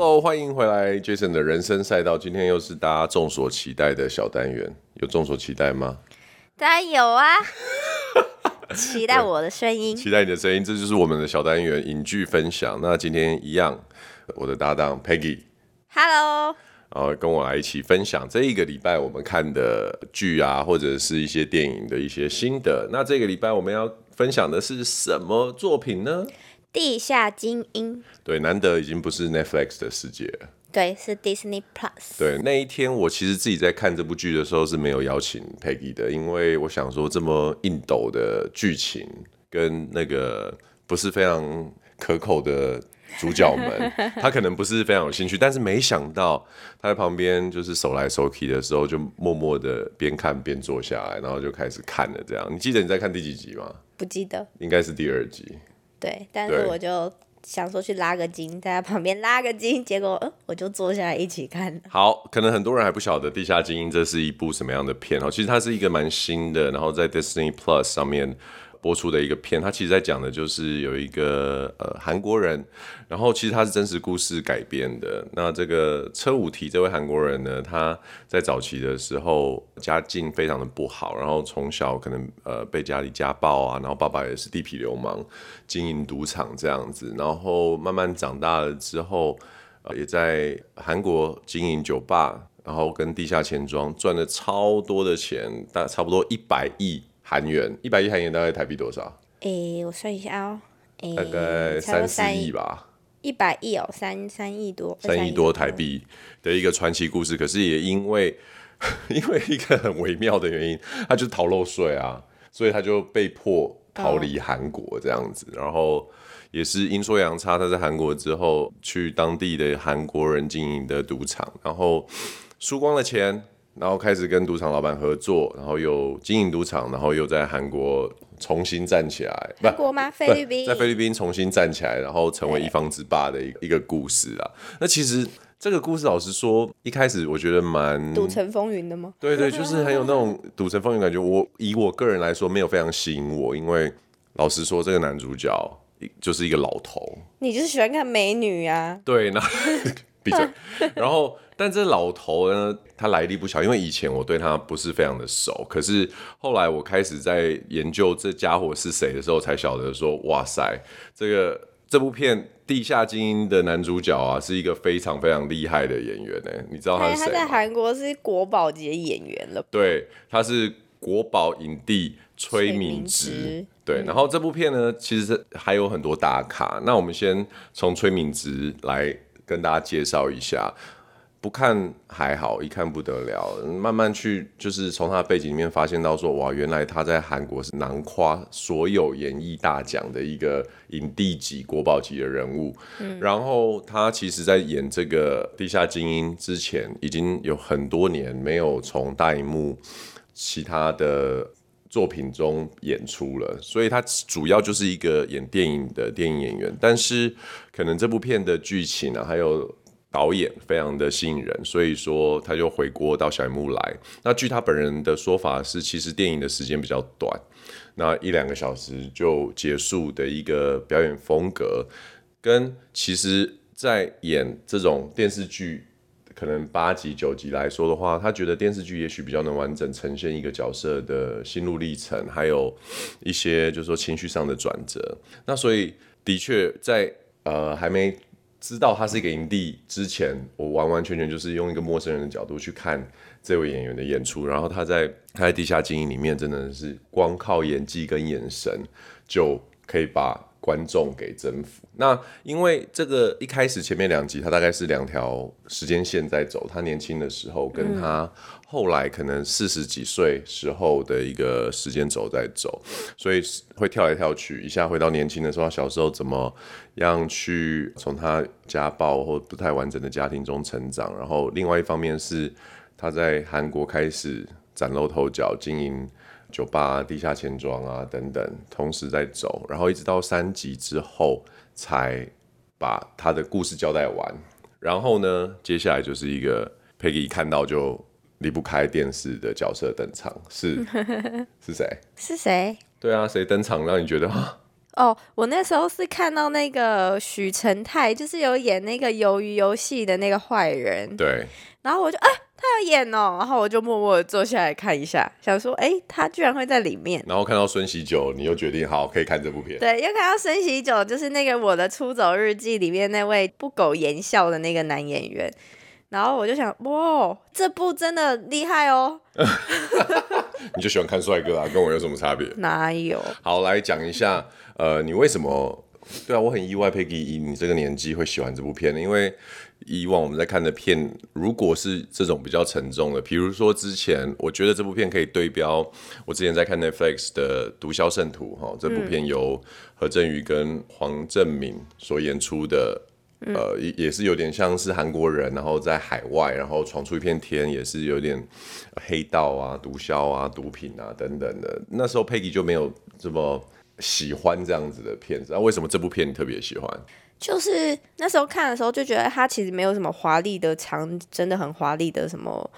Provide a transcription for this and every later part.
Hello，歡迎回來，Jason 的人生賽道。今天又是大家眾所期待的小單元，有眾所期待嗎？當然有啊， 期待我的聲音，期待你的聲音，這就是我們的小單元影劇分享。那今天一樣，我的搭檔 Peggy，Hello，然後跟我來一起分享這一個禮拜我們看的劇啊，或者是一些電影的一些心得。那這個禮拜我們要分享的是什麼作品呢？地下菁英，對，難得已經不是 Netflix 的世界了。對，是 Disney Plus。對，那一天我其實自己在看這部劇的時候是沒有邀請 Peggy 的，因為我想說這麼硬斗的劇情跟那個不是非常可口的主角們， 他可能不是非常有興趣。但是沒想到他在旁邊就是手來手去的時候，就默默的邊看邊坐下來，然後就開始看了。這樣，你記得你在看第幾集嗎？不記得，應該是第二集。對，但是我就想說去拉個筋，對在他旁邊拉個筋，結果，呃，我就坐下來一起看了。好，可能很多人還不曉得《地下菁英》這是一部什麼樣的片哦，其實它是一個蠻新的，然後在 Disney Plus 上面。播出的一個片，他其實在講的就是有一個呃韓國人，然後其實他是真實故事改編的。那這個車武湜這位韓國人呢，他在早期的時候家境非常的不好，然後從小可能呃被家裡家暴啊，然後爸爸也是地痞流氓，經營賭場這樣子，然後慢慢長大了之後，呃，也在韓國經營酒吧，然後跟地下錢莊賺了超多的錢，大差不多一百億。韓元一百億韓元大概台幣多少？誒、欸，我算一下哦，欸、大概三四億吧。一百億哦，三三億多，三億多台幣的一個傳奇故事。嗯、可是也因為因為一個很微妙的原因，他就逃漏稅啊，所以他就被迫逃離韓國這樣子。哦、然後也是陰錯陽差，他在韓國之後去當地的韓國人經營的賭場，然後輸光了錢。然後開始跟賭場老闆合作，然後又經營賭場，然後又在韓國重新站起來。韓國嗎？菲律賓？在菲律賓重新站起來，然後成為一方之霸的一一個故事啊。對那其實這個故事，老實說，一開始我覺得蠻賭城風雲的嗎？對對，就是很有那種賭城風雲的感覺。我以我個人來說，沒有非常吸引我，因為老實說，這個男主角就是一個老頭。你就是喜歡看美女啊？對，然後。 然後，但這老頭呢，他來歷不小。因為以前我對他不是非常的熟。可是後來我開始在研究這家伙是誰的時候，才曉得說，哇塞，這個這部片《地下菁英》的男主角啊，是一個非常非常厲害的演員呢。你知道他是誰嗎？哎，他在韓國是國寶級演員了。對，他是國寶影帝崔岷植。岷植對，嗯，然後這部片呢，其實還有很多大咖。那我們先從崔岷植來。跟大家介紹一下，不看還好，一看不得了。慢慢去，就是從他背景裡面發現到說，哇，原來他在韓國是囊括所有演藝大獎的一個影帝級國寶級的人物。嗯、然後他其實在演這個《地下菁英》之前，已經有很多年沒有從大熒幕其他的。作品中演出了，所以他主要就是一個演電影的電影演員。但是可能這部片的劇情啊，還有導演非常的吸引人，所以說他就回國到小螢幕來。那據他本人的說法是，其實電影的時間比較短，那一兩個小時就結束的一個表演風格，跟其實在演這種電視劇。可能八集九集來說的話，他覺得電視劇也許比較能完整呈現一個角色的心路歷程，還有一些就是說情緒上的轉折。那所以的確在呃還沒知道他是一個影帝之前，我完完全全就是用一個陌生人的角度去看這位演員的演出。然後他在他在地下菁英裡面真的是光靠演技跟眼神就可以把。觀眾給征服。那因為這個一開始前面兩集，他大概是兩條時間線在走，他年輕的時候跟他後來可能四十幾歲時候的一個時間軸在走，嗯、所以會跳來跳去，一下回到年輕的時候，他小時候怎麼樣去從他家暴或不太完整的家庭中成長，然後另外一方面是他在韓國開始嶄露頭角，經營。酒吧、啊、地下錢莊啊，等等，同時在走，然後一直到三集之後才把他的故事交代完。然後呢，接下來就是一個 Peggy 一看到就離不開電視的角色登場，是是誰？是誰？是誰，對啊，誰登場讓你覺得啊？哦，oh, 我那時候是看到那個許成泰，就是有演那個《魷魚遊戲》的那個壞人，對。然後我就，哎、啊，他要演哦、喔，然後我就默默的坐下來看一下，想說，哎、欸，他居然會在裡面。然後看到孫錫久，你又決定好可以看這部片。對，又看到孫錫久，就是那個《我的出走日記》裡面那位不苟言笑的那個男演員。然後我就想，哇，這部真的厲害哦！ 你就喜歡看帥哥啊，跟我有什麼差別？ 哪有？好，來講一下，呃，你為什麼對啊？我很意外，Peggy，你這個年紀會喜歡這部片，因為以往我們在看的片，如果是這種比較沉重的，比如說之前我覺得這部片可以對標我之前在看 Netflix 的《毒梟聖徒》哈，這部片由河正宇跟黃政民所演出的、嗯。嗯、呃，也是有點像是韓國人，然後在海外，然後闖出一片天，也是有點黑道啊、毒梟啊、毒品啊等等的。那時候佩 y 就沒有這麼喜歡這樣子的片子。那、啊、為什麼這部片你特別喜歡？就是那時候看的時候就覺得他其實沒有什麼華麗的、長真的很華麗的什麼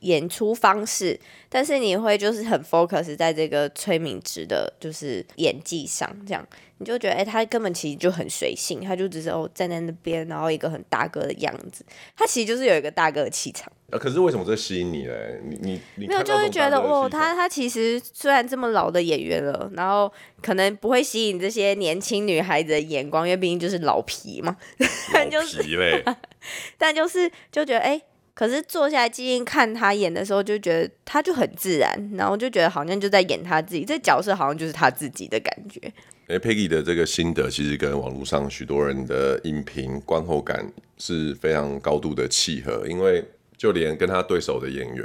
演出方式，但是你會就是很 focus 在這個崔敏植的，就是演技上這樣。你就覺得，哎、欸，他根本其實就很隨性，他就只是哦站在那邊，然後一個很大哥的樣子，他其實就是有一個大哥的氣場、啊。可是為什麼這吸引你嘞？你你沒有你就是覺得，哦，他他其實雖然這麼老的演員了，然後可能不會吸引這些年輕女孩子的眼光，因為畢竟就是老皮嘛。 老皮嘞 但就是，但就是就覺得，哎、欸。可是坐下來靜靜看他演的時候，就覺得他就很自然，然後就覺得好像就在演他自己，這角色好像就是他自己的感覺。哎、欸、Peggy 的這個心得其實跟網絡上許多人的影評觀後感是非常高度的契合，因為就連跟他對手的演員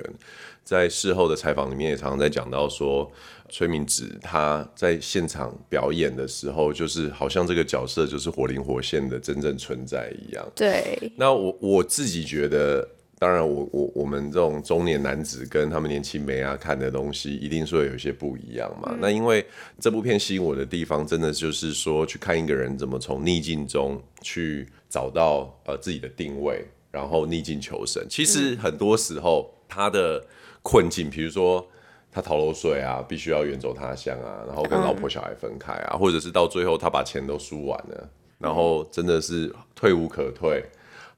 在事後的採訪裡面也常常在講到說，崔岷植他在現場表演的時候，就是好像這個角色就是活靈活現的真正存在一樣。對。那我我自己覺得。當然我，我我我們這種中年男子跟他們年輕妹啊看的東西，一定會有一些不一樣嘛。嗯、那因為這部片吸引我的地方，真的就是說去看一個人怎麼從逆境中去找到呃自己的定位，然後逆境求生。其實很多時候他的困境，比、嗯、如說他逃漏稅啊，必須要遠走他鄉啊，然後跟老婆小孩分開啊，嗯、或者是到最後他把錢都輸完了，嗯、然後真的是退無可退。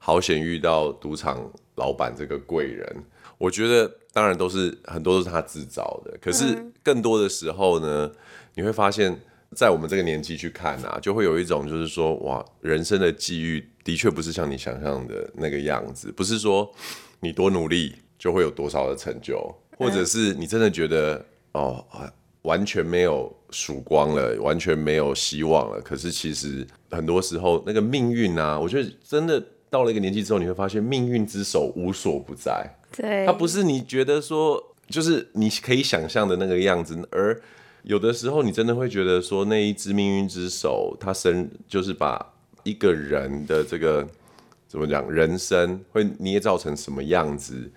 好險遇到賭場老闆這個貴人，我覺得當然都是很多都是他自找的，可是更多的時候呢，你會發現在我們這個年紀去看啊，就會有一種就是說哇，人生的際遇的確不是像你想象的那個樣子，不是說你多努力就會有多少的成就，或者是你真的覺得哦完全沒有曙光了，完全沒有希望了，可是其實很多時候那個命運啊，我覺得真的。到了一個年紀之後，你會發現命運之手無所不在。對，它不是你覺得說，就是你可以想象的那個樣子。而有的時候，你真的會覺得說，那一隻命運之手，它生就是把一個人的這個怎麼講，人生會捏造成什麼樣子。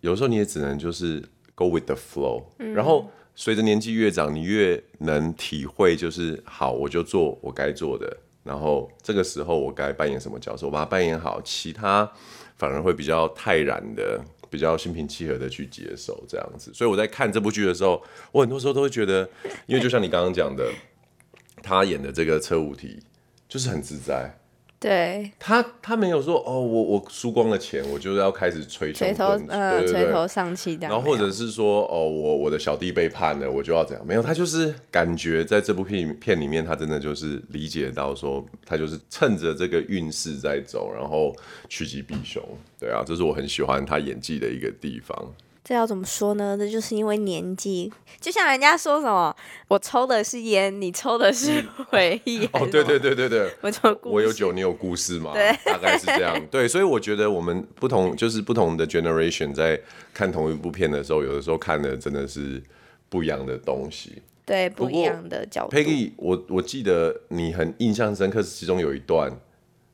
有時候你也只能就是 go with the flow。嗯。然後隨着年紀越長，你越能體會，就是好，我就做，我該做的。然後這個時候我該扮演什麼角色？我把它扮演好，其他反而會比較泰然的、比較心平氣和的去接受這樣子。所以我在看這部劇的時候，我很多時候都會覺得，因為就像你剛剛講的，他演的這個車武湜就是很自在。對他，他沒有說哦，我我輸光了錢，我就要開始垂頭，嗯、呃，對對垂頭喪氣的。然後或者是說哦，我我的小弟背叛了，我就要怎樣。沒有，他就是感覺在這部片片裡面，他真的就是理解到說，他就是趁着這個運勢在走，然後趨吉避凶。對啊，這是我很喜歡他演技的一個地方。這要怎麼說呢？這就是因為年紀，就像人家說什麼，我抽的是煙，你抽的是回憶。嗯、哦，對對對對對，我，我有酒，你有故事嗎？對， 大概是這樣。對，所以我覺得我們不同，就是不同的 generation 在看同一部片的時候，有的時候看的真的是不一樣的東西。對，不一樣的角度。p e g g y 我我記得你很印象深刻，其中有一段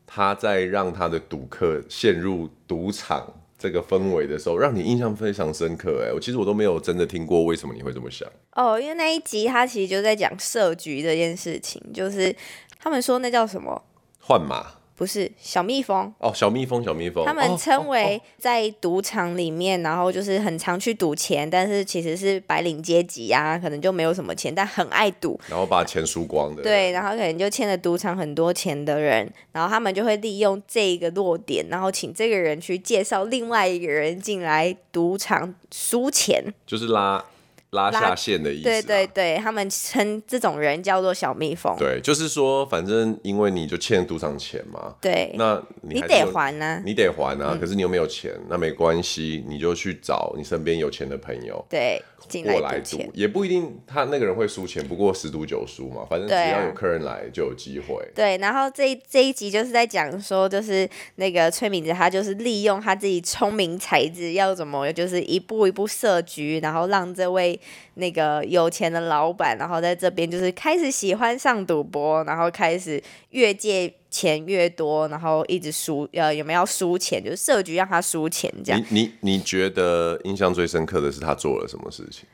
他在讓他的賭客陷入賭場。這個氛圍的時候，讓你印象非常深刻哎、欸，我其實我都沒有真的聽過，為什麼你會這麼想？哦，oh, 因為那一集他其實就在講設局這件事情，就是他們說那叫什麼？換馬。不是小蜜蜂哦，oh, 小蜜蜂，小蜜蜂，他們稱為在賭場裡面，oh, oh, oh. 然後就是很常去賭錢，但是其實是白領階級啊，可能就沒有什麼錢，但很愛賭，然後把錢輸光的，對，然後可能就欠了賭場很多錢的人，然後他們就會利用這一個弱點，然後請這個人去介紹另外一個人進來賭場輸錢，就是拉。拉下線的意思，啊，對對對，他們稱這種人叫做小蜜蜂。對，就是說，反正因為你就欠賭場錢嘛，對，那你得還呢，你得還啊，得還啊，可是你又沒有錢，嗯、那沒關係，你就去找你身邊有錢的朋友，對，進來過來賭，也不一定他那個人會輸錢，不過十賭九輸嘛，反正只要有客人來就有機會。對，啊、對，然後這這一集就是在講說，就是那個崔岷植，他就是利用他自己聰明才智，要怎麼就是一步一步設局，然後讓這位。那個有錢的老闆，然後在這邊就是開始喜歡上賭博，然後開始越借錢越多，然後一直輸，呃，有沒有要輸錢？就是設局讓他輸錢這樣。你你你覺得印象最深刻的是他做了什麼事情？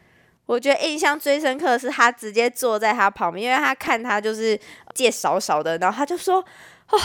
我覺得印象最深刻的是他直接坐在他旁邊，因為他看他就是借少少的，然後他就說，哦，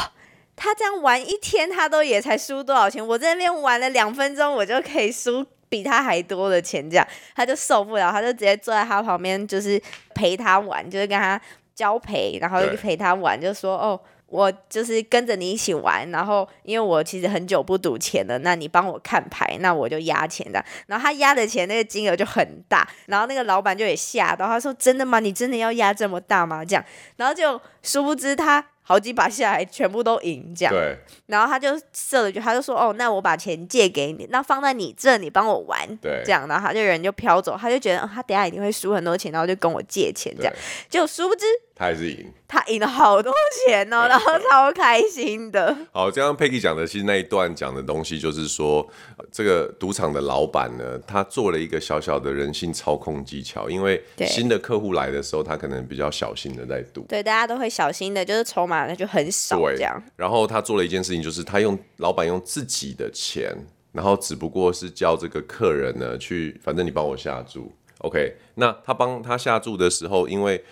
他這樣玩一天，他都也才輸多少錢？我在那邊玩了兩分鐘，我就可以輸，比他還多的錢，這樣他就受不了，他就直接坐在他旁邊，就是陪他玩，就是跟他交陪，然後就陪他玩，就說：“哦，我就是跟着你一起玩。”然後因為我其實很久不賭錢了，那你幫我看牌，那我就押錢的。然後他押的錢那個金額就很大，然後那個老板就也嚇到，他說：“真的嗎？你真的要押這麼大嗎？”這樣，然後就殊不知他。好幾把下來，全部都贏這樣，對然後他就設了局，他就說：“哦，那我把錢借給你，那放在你這裡，你幫我玩。對”這樣，然後他就人就飄走，他就覺得，嗯，他等一下一定會輸很多錢，然後就跟我借錢這樣，就對殊不知。他還是贏，他贏了好多錢哦， 然後超開心的。 好，剛剛 Peggy 講的其實那一段講的東西，就是說這個賭場的老闆呢，他做了一個小小的人性操控技巧。因為新的客戶來的時候，他可能比較小心的在賭。對，對，大家都會小心的，就是籌碼那就很少。對，這樣。然後他做了一件事情，就是他用老闆用自己的錢，然後只不過是叫這個客人呢去，反正你幫我下注，OK。那他幫他下注的時候，因為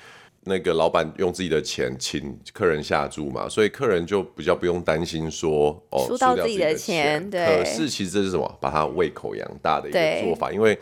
那個老闆用自己的錢請客人下注嘛，所以客人就比較不用擔心說哦輸到自己的錢，輸掉自己的錢，對。可是其實這是什麼？把他胃口養大的一個做法，對因為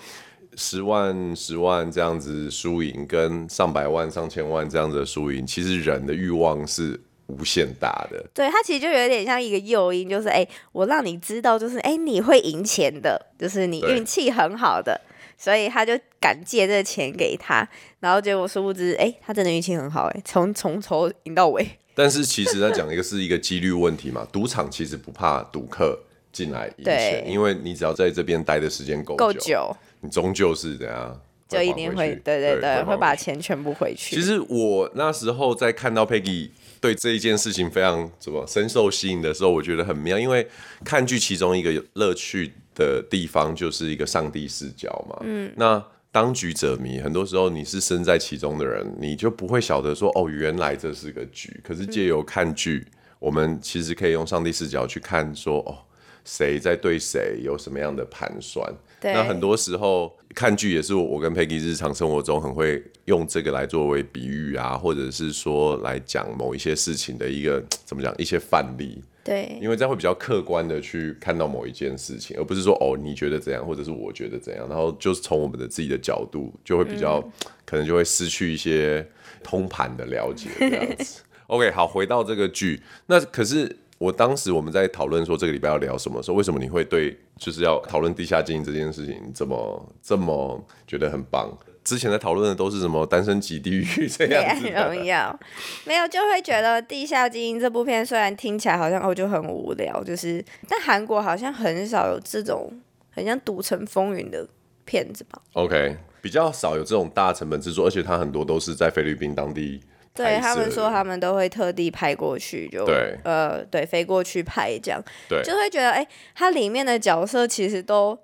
十萬、十萬這樣子輸贏，跟上百萬、上千萬這樣子輸贏，其實人的慾望是無限大的。對，它其實就有點像一個誘因，就是哎，我讓你知道，就是哎，你會贏錢的，就是你運氣很好的。所以他就敢借這個錢給他，然後結果殊不知，哎、欸，他真的運氣很好、欸，哎，從從頭贏到尾。但是其實他講一個是一個幾率問題嘛，賭 場其實不怕賭客進來贏錢，對因為你只要在這邊待的時間夠久，久你終究是怎樣，就一定會，會對，對對對，對會把錢全部回去。回去其實我那時候在看到 Peggy 對這一件事情非常怎麼深受吸引的時候，我覺得很妙，因為看劇其中一個樂趣。的地方就是一個上帝視角嘛。嗯，那當局者迷，很多時候你是身在其中的人，你就不會曉得說，哦，原來這是個局。可是借由看劇，嗯、我們其實可以用上帝視角去看，說，哦。誰在對誰有什麼樣的盤算？對那很多時候看劇也是我跟 Peggy 日常生活中很會用這個來作為比喻啊，或者是說來講某一些事情的一個怎麼講一些範例。對，因為這樣會比較客觀的去看到某一件事情，而不是說哦，你覺得怎樣，或者是我覺得怎樣，然後就是從我們的自己的角度就會比較、嗯、可能就會失去一些通盤的了解這樣子。 OK，好，回到這個劇，那可是。我當時我們在討論說這個禮拜要聊什麼時候，說為什麼你會對就是要討論《地下菁英》這件事情這麼這麼覺得很棒，之前在討論的都是什麼單身即地獄這樣的，哎、榮耀 沒有，就會覺得《地下菁英》這部片雖然聽起來好像哦就很無聊，就是但韓國好像很少有這種很像賭城風雲的片子吧？OK，比較少有這種大成本製作，而且它很多都是在菲律賓當地。對他們說，他們都會特地拍過去，就對呃，對，飛過去拍這樣，對就會覺得，哎，它裡面的角色其實都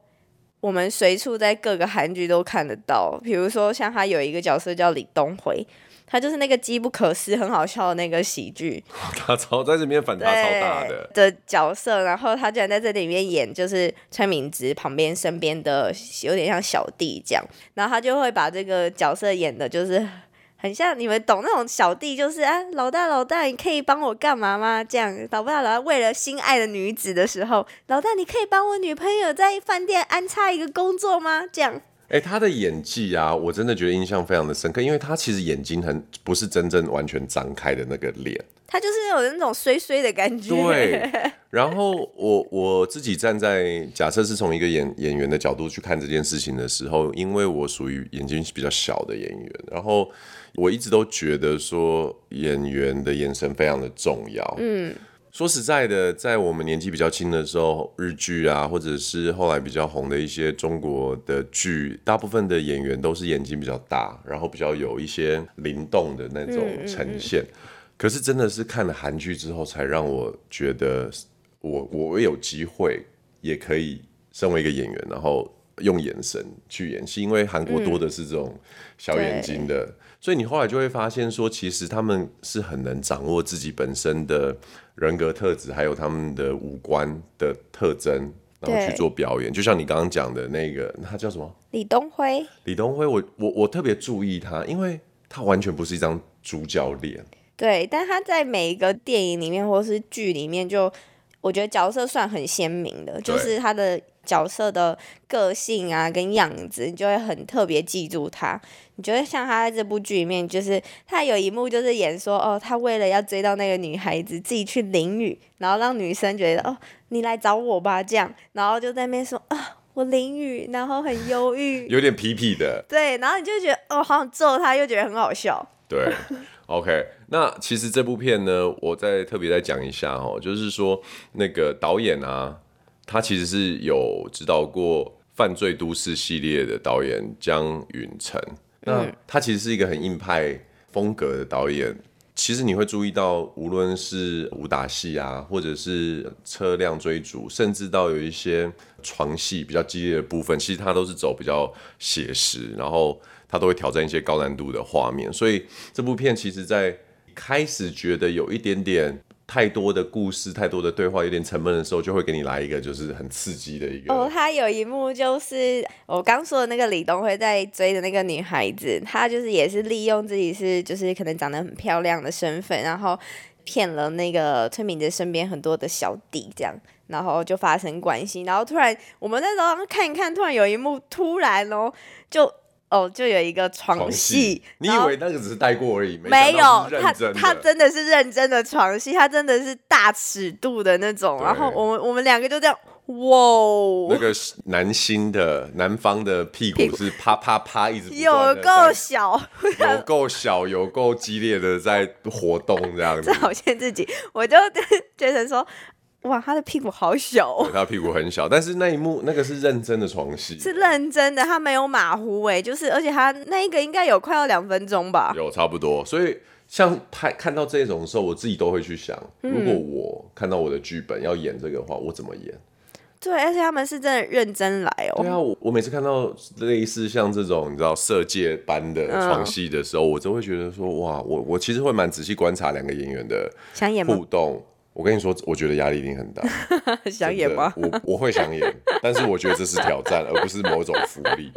我們隨處在各個韓劇都看得到，比如說像他有一個角色叫李東輝，他就是那個機不可失很好笑的那個喜劇， 他超在這邊反差對超大的的角色，然後他竟然在這裡面演，就是崔岷植旁邊身邊的有點像小弟這樣，然後他就會把這個角色演的就是。很像你們懂那種小弟，就是啊，老大老大，你可以幫我幹嘛嗎？這樣老大老大，為了心愛的女子的時候，老大你可以幫我女朋友在飯店安插一個工作嗎？這樣，誒、欸，他的演技啊，我真的覺得印象非常的深刻，因為他其實眼睛很不是真正完全張開的那個臉。他就是有那種衰衰的感覺。對，然後我我自己站在假設是從一個演演員的角度去看這件事情的時候，因為我屬於眼睛比較小的演員，然後我一直都覺得說演員的眼神非常的重要。嗯，說實在的，在我們年紀比較輕的時候，日劇啊，或者是後來比較紅的一些中國的劇，大部分的演員都是眼睛比較大，然後比較有一些靈動的那種呈現。嗯嗯可是真的是看了韓劇之後，才讓我覺得我，我我有機會也可以身為一個演員，然後用眼神去演戲。因為韓國多的是這種小眼睛的，嗯、所以你後來就會發現說，其實他們是很能掌握自己本身的，人格特質，還有他們的五官的特徵，然後去做表演。對就像你剛剛講的那個，那他叫什麼？李東輝。李東輝，我我我特別注意他，因為他完全不是一張主角臉。對，但他在每一個電影裡面或是劇裡面就，就我覺得角色算很鮮明的，對就是他的角色的個性啊跟樣子，你就會很特別記住他。你覺得像他在這部劇裡面，就是他有一幕就是演說哦，他為了要追到那個女孩子，自己去淋雨，然後讓女生覺得哦，你來找我吧這樣，然後就在那邊說啊，我淋雨，然後很憂鬱，有點皮皮的。對，然後你就覺得哦，好想揍他，又覺得很好笑。對。OK，那其實這部片呢，我再特別再講一下哦，就是說那個導演啊，他其實是有指導過《犯罪都市》系列的導演姜允成。嗯、那他其實是一個很硬派風格的導演。其實你會注意到，無論是武打戲啊，或者是車輛追逐，甚至到有一些床戲比較激烈的部分，其實他都是走比較寫實，然後。他都會挑戰一些高難度的畫面，所以這部片其實，在開始覺得有一點點太多的故事，太多的對話，有點沉悶的時候，就會給你來一個就是很刺激的一個。哦，他有一幕就是我剛說的那個李東輝在追的那個女孩子，他就是也是利用自己是就是可能長得很漂亮的身份，然後騙了那個崔岷植身邊很多的小弟，這樣，然後就發生關係，然後突然我們那時候看一看，突然有一幕突然哦就。哦，oh, 就有一個床戲，床隙後你以為那個只是帶過而已？嗯、沒有，他他真的是認真的床戲，他真的是大尺度的那種。對然後我們我們兩個就這樣，哇，那個男星的男方的屁股是啪啪啪一直股對有夠小， 小，有夠小，有夠激烈的在活動這樣子， 好像自己，我就覺得說。哇，他的屁股好小哦！對，他屁股很小，但是那一幕那個是認真的床戲，是認真的，他沒有馬虎哎，就是而且他那一個應該有快要兩分鐘吧，有差不多。所以像拍看到這種的時候，我自己都會去想，如果我看到我的劇本要演這個的話，嗯、我怎麼演？對，而且他們是真的認真來哦。對啊，我每次看到類似像這種你知道色戒般的床戲的時候，嗯哦、我都會覺得說，哇，我我其實會蠻仔細觀察兩個演員的互動。我跟你說，我覺得壓力一定很大， 想演嗎？我我會想演，但是我覺得這是挑戰， 而不是某種福利。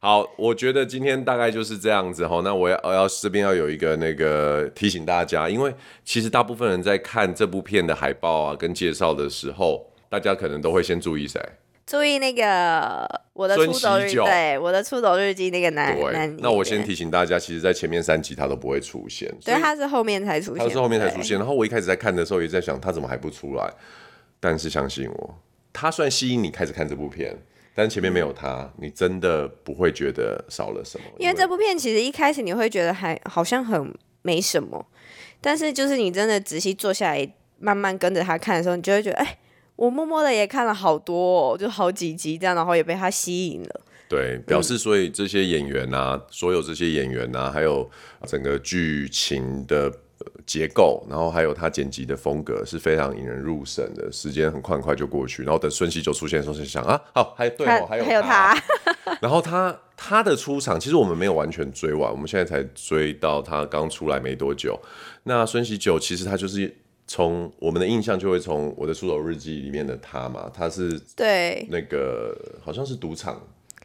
好，我覺得今天大概就是這樣子哈。那我要我要這邊要有一個那個提醒大家，因為其實大部分人在看這部片的海報啊跟介紹的時候，大家可能都會先注意一下。注意那個我的出走日記，對，我的出走日記那個男對男人，那我先提醒大家，其實在前面三集他都不會出現，對，所以他是後面才出現，他是後面才出現。對然後我一開始在看的時候也在想，他怎麼還不出來？但是相信我，他算吸引你開始看這部片，但前面沒有他，你真的不會覺得少了什麼。因為這部片其實一開始你會覺得還好像很沒什麼，但是就是你真的仔細坐下來慢慢跟着他看的時候，你就會覺得哎。我默默的也看了好多，哦，就好幾集這樣，然後也被他吸引了。對，表示所以這些演員吶，啊，嗯、所有這些演員吶，啊，還有整個劇情的結構，然後還有他剪輯的風格，是非常引人入勝的。時間很快很快就過去，然後等孫喜九出現的時候，就想啊，好，還對還、哦、有他還有他。有他啊， 然後他他的出場，其實我們沒有完全追完，我們現在才追到他剛出來沒多久。那孫喜九其實他就是。從我們的印象就會從我的《出走日記》裡面的他嘛，他是對那個好像是賭場，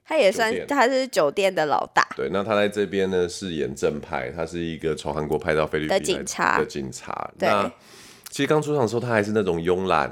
他也算他是酒店的老大。對，那他在這邊呢是演正派，他是一個從韓國派到菲律賓的警察的警察。對，其實剛出場的時候他還是那種慵懶，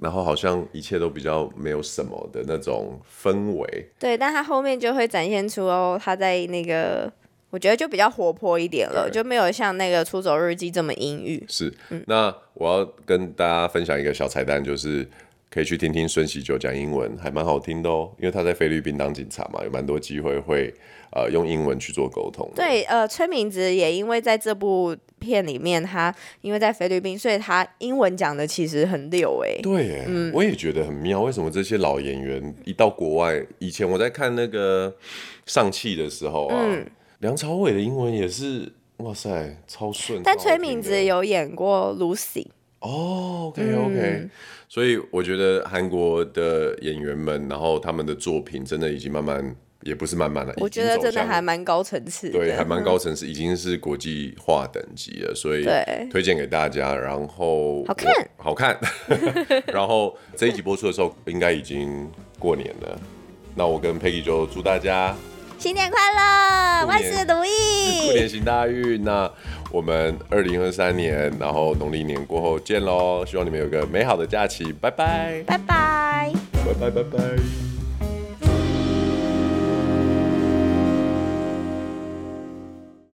然後好像一切都比較沒有什麼的那種氛圍。對，但他後面就會展現出哦，他在那個。我覺得就比較活潑一點了，對就沒有像那個《出走日記》這麼陰鬱。是，嗯、那我要跟大家分享一個小彩蛋，就是可以去聽聽孫錫久講英文，還蠻好聽的哦。因為他在菲律賓當警察嘛，有蠻多機會會呃用英文去做溝通。對，呃，崔岷植也因為在這部片裡面，他因為在菲律賓，所以他英文講的其實很溜哎、欸。對耶，哎、嗯，我也覺得很妙。為什麼這些老演員一到國外？以前我在看那個《尚氣》的時候啊。嗯梁朝偉的英文也是，哇塞，超順。超的，但崔岷植有演過 Lucy，哦、oh，OK OK，、嗯、所以我覺得韓國的演員們，然後他們的作品真的已經慢慢，也不是慢慢了，我覺得真的還蠻高層次。對，嗯、還蠻高層次，已經是國際化等級了，所以推薦給大家。然後好看，好看。 然後，這一集播出的時候，應該已經過年了。嗯、那我跟 Peggy 就祝大家。新年快樂，萬事如意，新年行大運，啊。那我們二零二三年，然後農曆年過後見嘍。希望你們有個美好的假期，拜拜，拜拜，拜拜拜拜。